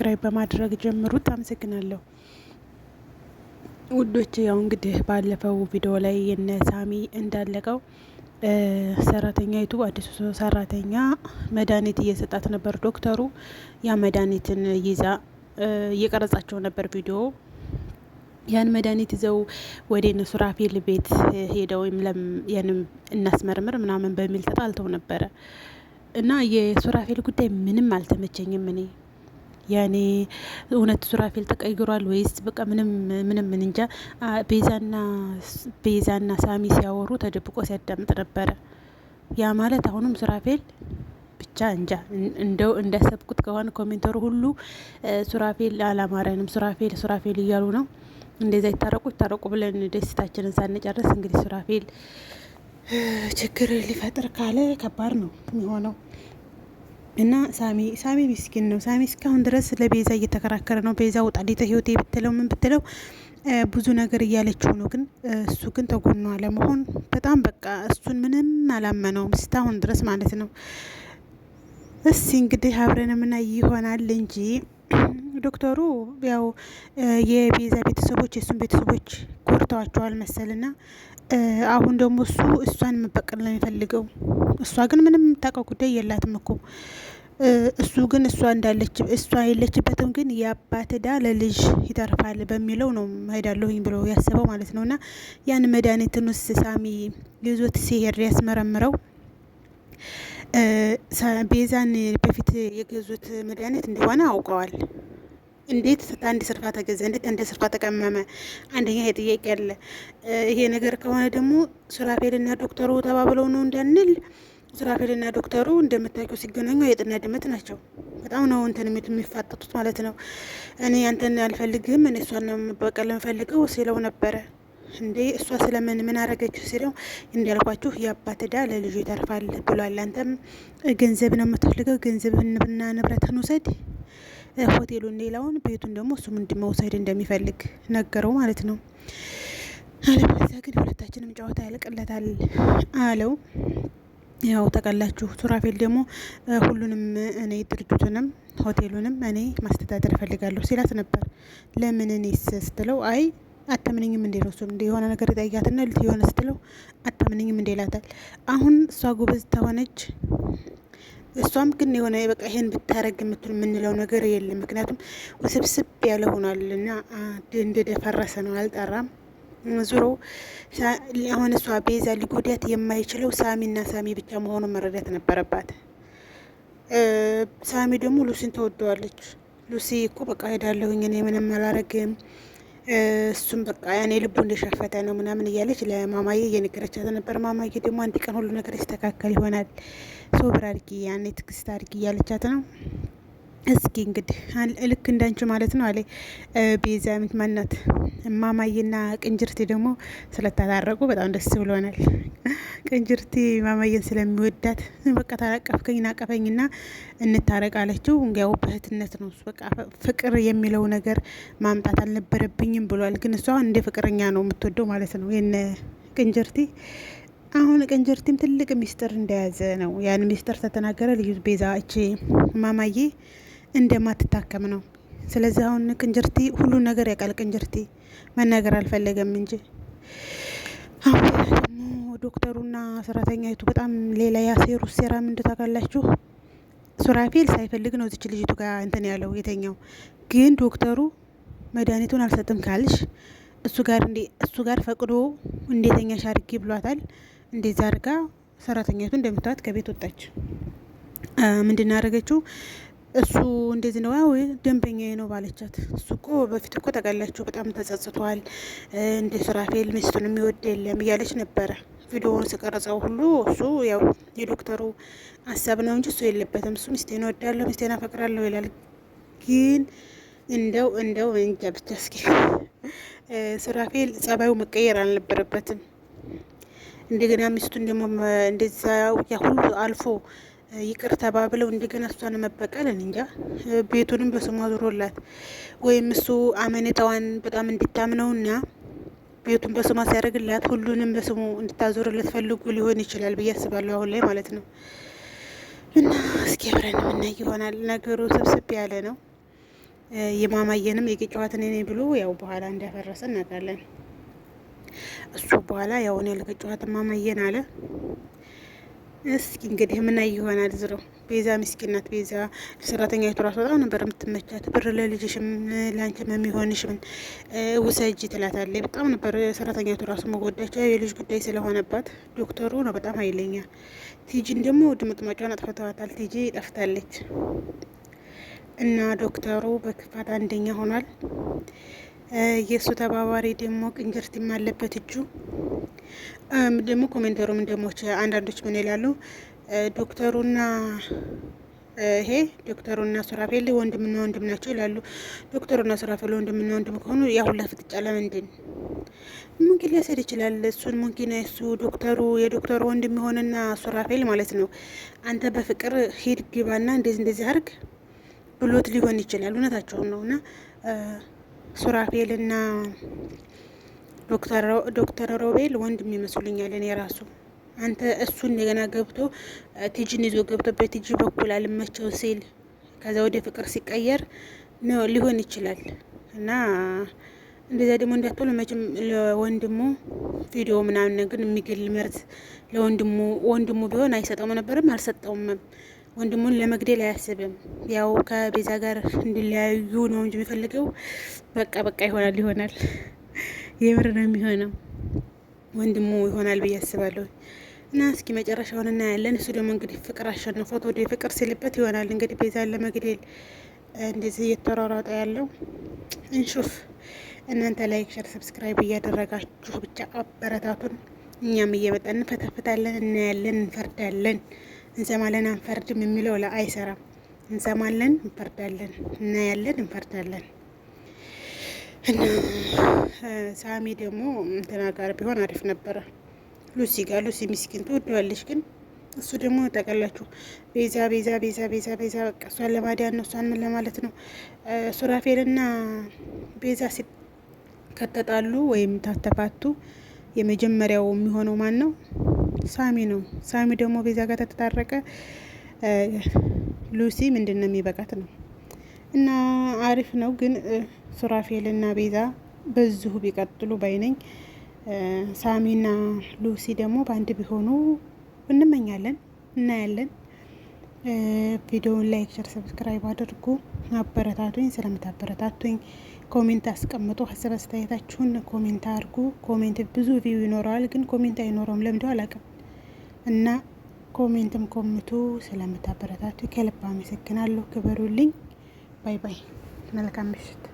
ሰብስክራይብ በማድረግ ጀምሩት። አመሰግናለሁ ውዶች። ያው እንግዲህ ባለፈው ቪዲዮ ላይ የነ ሳሚ እንዳለቀው ሰራተኛይቱ አዲሱ ሰራተኛ መድኃኒት እየሰጣት ነበር ዶክተሩ። ያ መድኃኒትን ይዛ እየቀረጻቸው ነበር ቪዲዮ ያን መድኃኒት ይዘው ወደ እነሱ ራፌል ቤት ሄደው ያንም እናስመርምር ምናምን በሚል ተጣልተው ነበረ እና የሱራፌል ጉዳይ ምንም አልተመቸኝም እኔ ያኔ እውነት ሱራፌል ተቀይሯል ወይስ በቃ ምንም ምንም ምን እንጃ። ቤዛና ቤዛና ሳሚ ሲያወሩ ተደብቆ ሲያዳምጥ ነበረ። ያ ማለት አሁንም ሱራፌል ብቻ እንጃ። እንደው እንዳሰብኩት ከሆነ ኮሜንተሩ ሁሉ ሱራፌል አላማረንም፣ ሱራፌል ሱራፌል እያሉ ነው። እንደዛ ይታረቁ ይታረቁ ብለን ደስታችንን ሳንጨርስ እንግዲህ ሱራፌል ችግር ሊፈጥር ካለ ከባድ ነው የሚሆነው። እና ሳሚ ሳሚ ሚስኪን ነው። ሳሚ እስካሁን ድረስ ለቤዛ እየተከራከረ ነው። ቤዛ ውጣልኝ ተህይወቴ ብትለው ምን ብትለው ብዙ ነገር እያለችው ነው። ግን እሱ ግን ተጎኗ ለመሆን በጣም በቃ እሱን ምንም አላመነውም እስካሁን ድረስ ማለት ነው። እስቲ እንግዲህ አብረን የምናይ ይሆናል እንጂ ዶክተሩ ያው የቤዛ ቤተሰቦች የእሱን ቤተሰቦች ኮርተዋቸዋል መሰልና አሁን ደግሞ እሱ እሷን መበቀል ነው የሚፈልገው። እሷ ግን ምንም የምታውቀው ጉዳይ የላትም እኮ እሱ ግን እሷ እንዳለች እሷ የለችበትም ግን የአባት ዳ ለልጅ ይተርፋል በሚለው ነው ሄዳለሁኝ ብሎ ያሰበው ማለት ነው። እና ያን መድኃኒትን ውስ ሳሚ ይዞት ሲሄድ ያስመረምረው ቤዛን በፊት የገዙት መድኃኒት እንደሆነ አውቀዋል። እንዴት አንድ ስርፋ ተገዛ? እንዴት አንድ ስርፋ ተቀመመ? አንደኛ ይሄ ጥያቄ አለ። ይሄ ነገር ከሆነ ደግሞ ሱራፌልና ዶክተሩ ተባብለው ነው እንዳንል ሱራፌልና ዶክተሩ እንደምታውቂው ሲገናኙ የጥና ድመት ናቸው። በጣም ነው እንትን የሚፋጠጡት ማለት ነው። እኔ አንተን አልፈልግም፣ እኔ እሷን ነው የምበቀል የምፈልገው ሲለው ነበረ። እንዴ እሷ ስለምን ምን አረገችው? ሲለው እንዲያልኳችሁ የአባት ዕዳ ለልጁ ይተርፋል ብሏል። አንተም ገንዘብ ነው የምትፈልገው፣ ገንዘብና ንብረትን ውሰድ ሆቴሉን ሌላውን፣ ቤቱን ደግሞ እሱም እንድመውሰድ እንደሚፈልግ ነገረው ማለት ነው። አለበለዚያ ግን ሁለታችንም ጨዋታ ያልቅለታል አለው። ያው ተቀላችሁ። ሱራፌል ደግሞ ሁሉንም እኔ ድርጅቱንም ሆቴሉንም እኔ ማስተዳደር እፈልጋለሁ ሲላት ነበር። ለምን እኔ ስትለው አይ አታምንኝም እንዴ ነው እሱም የሆነ ነገር ጠያትና ልት የሆነ ስትለው አታምንኝም እንዴ ላታል። አሁን እሷ ጎበዝ ተሆነች እሷም ግን የሆነ በቃ ይሄን ብታረግ የምትል የምንለው ነገር የለም። ምክንያቱም ውስብስብ ያለ ሆኗል እና እንደደፈረሰ ነው አልጠራም። ዙሮ አሁን እሷ ቤዛ ሊጎዳት የማይችለው ሳሚና ሳሚ ብቻ መሆኑን መረዳት ነበረባት። ሳሚ ደግሞ ሉሲን ተወደዋለች። ሉሲ እኮ በቃ ሄዳለሁኝ እኔ ምንም አላረግም እሱም በቃ ያኔ ልቡ እንደሸፈተ ነው ምናምን እያለች ለማማዬ እየነገረቻት ነበር። ማማዬ ደግሞ አንድ ቀን ሁሉ ነገር ይስተካከል ይሆናል ሶብር አድርጊ፣ ያኔ ትግስት አድርጊ እያለቻት ነው። እስኪ እንግዲህ ልክ እንዳንቺ ማለት ነው አለ ቤዛ ምት ማናት ማማዬና ቅንጅርቲ ደግሞ ስለተታረቁ በጣም ደስ ብሎናል። ቅንጅርቲ ማማዬን ስለሚወዳት በቃ ታላቀፍከኝ ናቀፈኝና እንታረቅ አለችው። እንዲያው በእህትነት ነው በቃ ፍቅር የሚለው ነገር ማምጣት አልነበረብኝም ብሏል። ግን እሷ እንደ ፍቅረኛ ነው የምትወደው ማለት ነው የነ ቅንጅርቲ አሁን ቅንጅርቲም ትልቅ ሚስጥር እንደያዘ ነው። ያን ሚስጥር ተተናገረ ልዩ ቤዛ እቺ ማማዬ እንደማትታከም ነው። ስለዚህ አሁን ቅንጅርቲ ሁሉን ነገር ያውቃል። ቅንጅርቲ መናገር አልፈለገም እንጂ አሁን ደግሞ ዶክተሩና ሰራተኛይቱ በጣም ሌላ ያሴሩ ሴራ ምንድ ታቃላችሁ ሱራፌል ሳይፈልግ ነው እዚች ልጅቱ ጋር እንትን ያለው የተኛው። ግን ዶክተሩ መድኃኒቱን አልሰጥም ካልሽ እሱ ጋር እንዴ እሱ ጋር ፈቅዶ እንዴተኛ ሻርጊ ብሏታል። እንደዛ አድርጋ ሰራተኛቱ እንደምታዩት ከቤት ወጣች። ምንድን ያደረገችው እሱ እንደዚህ ነው ያው ደንበኛዬ ነው ባለቻት። እሱ እኮ በፊት እኮ ታውቃላችሁ በጣም ተጸጽቷል፣ እንደ ሱራፌል ሚስቱን የሚወድ የለም እያለች ነበረ። ቪዲዮውን ስቀረጸው ሁሉ እሱ ያው የዶክተሩ ሀሳብ ነው እንጂ እሱ የለበትም። እሱ ሚስቴን እወዳለሁ፣ ሚስቴን አፈቅራለሁ ይላል። ግን እንደው እንደው እንጃ ብቻ እስኪ ሱራፌል ጸባዩ መቀየር አልነበረበትም። እንደገና ሚስቱን ደግሞ እንደዛ ሁሉ አልፎ ይቅር ተባብለው እንደገና እሷን መበቀል እንጃ። ቤቱንም በስሟ ዞሮላት ወይም እሱ አመኔታዋን በጣም እንድታምነውና ቤቱን በስሟ ሲያደርግላት ሁሉንም በስሙ እንድታዞርለት ፈልጉ ሊሆን ይችላል ብዬ አስባለሁ፣ አሁን ላይ ማለት ነው። እና እስኪ አብረን የምናይ ይሆናል። ነገሩ ስብስብ ያለ ነው። የማማየንም የቅጫዋትን እኔ ብሎ ያው በኋላ እንዳፈረሰ እናውቃለን። እሱ በኋላ ያው እኔ ልቅጫዋት ማማየን አለ። እስኪ እንግዲህ ምን ይሆናል ዝረው ቤዛ ምስኪን ናት። ቤዛ ሰራተኛ የቱራሱ በጣም ነበር የምትመቻት። ብር ለልጅሽም ለአንቺም የሚሆንሽም ውሰጅ ትላታለች። በጣም ነበር ሰራተኛ የቱራሱ መጎዳቸው የልጅ ጉዳይ ስለሆነባት ዶክተሩ ነው በጣም ኃይለኛ። ቲጂን ደግሞ ድምጥማጫዋን አጥፍተዋታል። ቲጂ ጠፍታለች እና ዶክተሩ በክፋት አንደኛ ሆኗል። የእሱ ተባባሪ ደግሞ ቅንጅርትም አለበት እጁ ደግሞ ኮሜንተሩ ምንደሞች አንዳንዶች ምን ይላሉ ዶክተሩና ይሄ ዶክተሩና ሱራፌል ወንድምና ወንድም ናቸው ይላሉ። ዶክተሩና ሱራፌል ወንድምና ወንድም ከሆኑ ያ ሁላ ፍጥጫ ለምንድን ሙምኪን ሊያስሄድ ይችላል። እሱን ሙምኪን እሱ ዶክተሩ የዶክተሩ ወንድም የሆነና ሱራፌል ማለት ነው። አንተ በፍቅር ሂድ ግባና እንደዚህ እንደዚህ አርግ ብሎት ሊሆን ይችላል። እውነታቸውን ነውና ሱራፌልና ዶክተር ሮቤል ወንድም ይመስሉኛል። እኔ ራሱ አንተ እሱ እንደገና ገብቶ ቲጂን ይዞ ገብቶ በቲጂ በኩል አልመቸው ሲል ከዛ ወደ ፍቅር ሲቀየር ነው ሊሆን ይችላል። እና እንደዚያ ደግሞ እንዳትሆን መቼም ለወንድሙ ቪዲዮ ምናምን ግን የሚገል ምርት ለወንድሙ ወንድሙ ቢሆን አይሰጠውም ነበርም አልሰጠውምም። ወንድሙን ለመግደል አያስብም። ያው ከቤዛ ጋር እንዲለያዩ ነው እንጂ የሚፈልገው በቃ በቃ ይሆናል ይሆናል የምር ነው የሚሆነው ወንድሙ ይሆናል ብዬ አስባለሁ። እና እስኪ መጨረሻውን እናያለን። እሱ ደግሞ እንግዲህ ፍቅር አሸንፎት ወደ ፍቅር ሲልበት ይሆናል እንግዲህ ቤዛን ለመግደል እንደዚህ እየተሯሯጠ ያለው እንሹፍ። እናንተ ላይክ፣ ሸር፣ ሰብስክራይብ እያደረጋችሁ ብቻ አበረታቱን። እኛም እየመጣን እንፈተፍታለን፣ እናያለን፣ እንፈርዳለን። እንሰማለን አንፈርድም የሚለው አይሰራም። እንሰማለን እንፈርዳለን፣ እናያለን እንፈርዳለን። እና ሳሚ ደግሞ ተናጋሪ ቢሆን አሪፍ ነበረ። ሉሲ ጋር ሉሲ ሚስኪን ትወደዋለች፣ ግን እሱ ደግሞ ጠቀላችሁ ቤዛ ቤዛ ቤዛ ቤዛ ቤዛ በቃ እሷን ለማዳን ነው፣ እሷን ምን ለማለት ነው። ሱራፌልና ቤዛ ከተጣሉ ወይም ታተፋቱ የመጀመሪያው የሚሆነው ማን ነው? ሳሚ ነው። ሳሚ ደግሞ ቤዛ ጋር ተታረቀ። ሉሲ ምንድን ነው የሚበቃት ነው እና አሪፍ ነው። ግን ሱራፌልና ቤዛ በዚሁ ቢቀጥሉ ባይነኝ። ሳሚና ሉሲ ደግሞ በአንድ ቢሆኑ እንመኛለን፣ እናያለን። ቪዲዮውን ላይክ፣ ሸር፣ ሰብስክራይብ አድርጉ። አበረታቱኝ። ስለምታበረታቱኝ ኮሜንት አስቀምጡ። ሀሳብ አስተያየታችሁን ኮሜንት አድርጉ። ኮሜንት ብዙ ቪው ይኖረዋል፣ ግን ኮሜንት አይኖረውም። ለምደው አላውቅም። እና ኮሜንትም ኮምቱ ስለምታበረታቱ ከልብ አመሰግናለሁ። ክበሩልኝ። ባይ ባይ። መልካም ምሽት።